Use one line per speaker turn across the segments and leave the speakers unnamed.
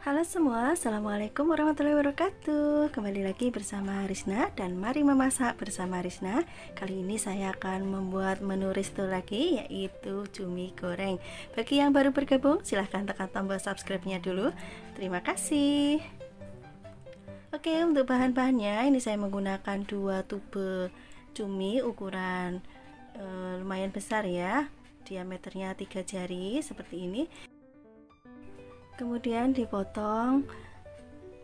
Halo semua, Assalamualaikum warahmatullahi wabarakatuh Kembali lagi bersama Rizna dan mari memasak bersama Rizna Kali ini saya akan membuat menu resto lagi yaitu cumi goreng Bagi yang baru bergabung silahkan tekan tombol subscribe-nya dulu Terima kasih Oke untuk bahan-bahannya ini saya menggunakan dua tube cumi ukuran e, lumayan besar ya Diameternya tiga jari seperti ini kemudian dipotong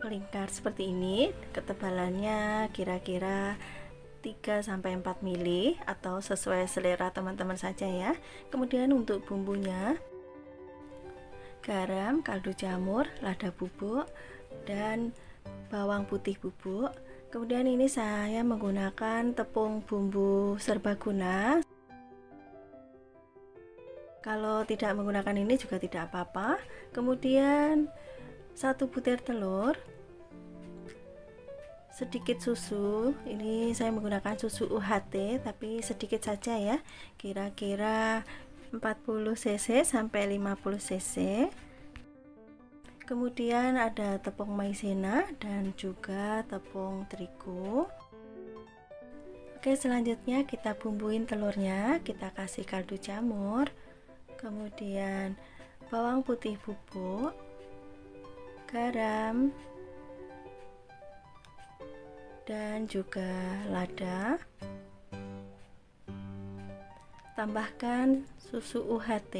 lingkar seperti ini ketebalannya kira-kira 3 4 mili atau sesuai selera teman-teman saja ya kemudian untuk bumbunya garam, kaldu jamur, lada bubuk dan bawang putih bubuk kemudian ini saya menggunakan tepung bumbu serbaguna kalau tidak menggunakan ini juga tidak apa-apa. Kemudian satu butir telur, sedikit susu. Ini saya menggunakan susu UHT tapi sedikit saja ya. Kira-kira 40 cc sampai 50 cc. Kemudian ada tepung maizena dan juga tepung terigu. Oke, selanjutnya kita bumbuin telurnya, kita kasih kaldu jamur kemudian bawang putih bubuk, garam, dan juga lada. Tambahkan susu UHT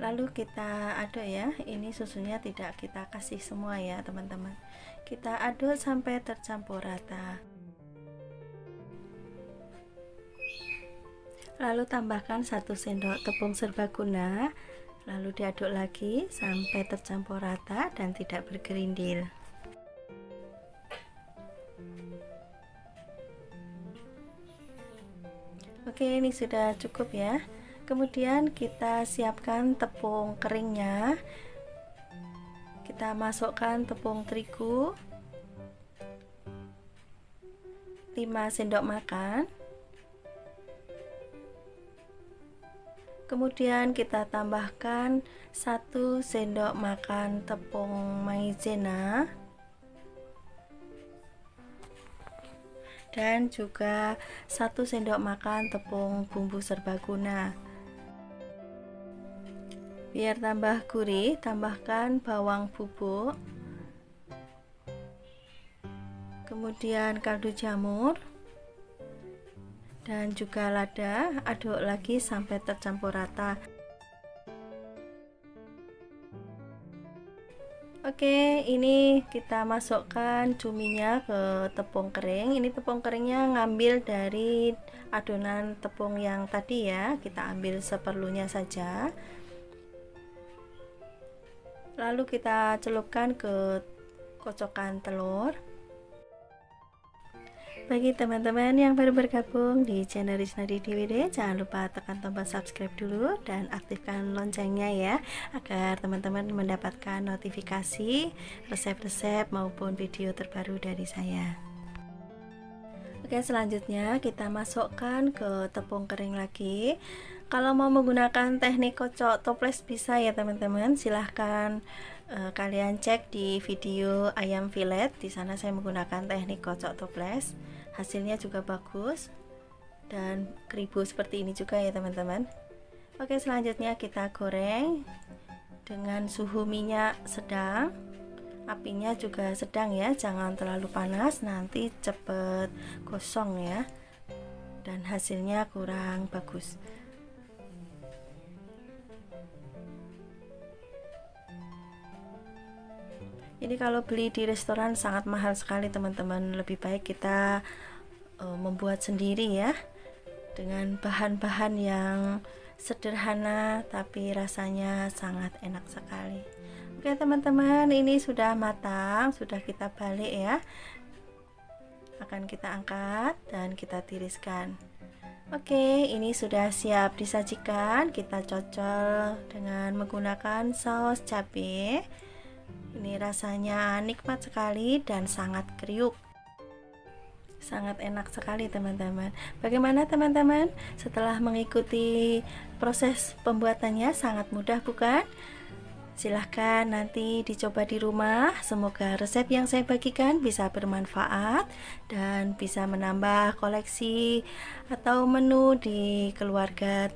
lalu kita aduk ya ini susunya tidak kita kasih semua ya teman-teman kita aduk sampai tercampur rata lalu tambahkan 1 sendok tepung serbaguna lalu diaduk lagi sampai tercampur rata dan tidak bergerindil oke ini sudah cukup ya kemudian kita siapkan tepung keringnya kita masukkan tepung terigu 5 sendok makan kemudian kita tambahkan 1 sendok makan tepung maizena dan juga 1 sendok makan tepung bumbu serbaguna Biar tambah gurih, tambahkan bawang bubuk. Kemudian kaldu jamur dan juga lada, aduk lagi sampai tercampur rata. Oke, ini kita masukkan cuminya ke tepung kering. Ini tepung keringnya ngambil dari adonan tepung yang tadi ya. Kita ambil seperlunya saja lalu kita celupkan ke kocokan telur bagi teman-teman yang baru bergabung di channel Rizna DWD jangan lupa tekan tombol subscribe dulu dan aktifkan loncengnya ya agar teman-teman mendapatkan notifikasi resep-resep maupun video terbaru dari saya Oke selanjutnya kita masukkan ke tepung kering lagi kalau mau menggunakan teknik kocok toples bisa ya teman-teman silahkan eh, kalian cek di video ayam fillet di sana saya menggunakan teknik kocok toples hasilnya juga bagus dan keribu seperti ini juga ya teman-teman oke selanjutnya kita goreng dengan suhu minyak sedang apinya juga sedang ya jangan terlalu panas nanti cepet gosong ya dan hasilnya kurang bagus ini kalau beli di restoran sangat mahal sekali teman-teman lebih baik kita e, membuat sendiri ya dengan bahan-bahan yang sederhana tapi rasanya sangat enak sekali Oke teman-teman ini sudah matang sudah kita balik ya akan kita angkat dan kita tiriskan Oke ini sudah siap disajikan kita cocol dengan menggunakan saus cabai ini rasanya nikmat sekali dan sangat kriuk sangat enak sekali teman-teman bagaimana teman-teman setelah mengikuti proses pembuatannya sangat mudah bukan Silahkan nanti dicoba di rumah. Semoga resep yang saya bagikan bisa bermanfaat dan bisa menambah koleksi atau menu di keluarga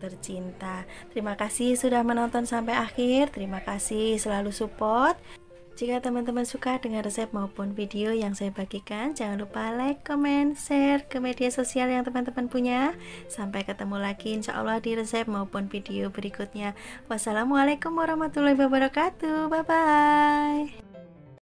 tercinta. Terima kasih sudah menonton sampai akhir. Terima kasih selalu support. Jika teman-teman suka dengan resep maupun video yang saya bagikan, jangan lupa like, comment, share ke media sosial yang teman-teman punya. Sampai ketemu lagi insya Allah di resep maupun video berikutnya. Wassalamualaikum warahmatullahi wabarakatuh. Bye-bye.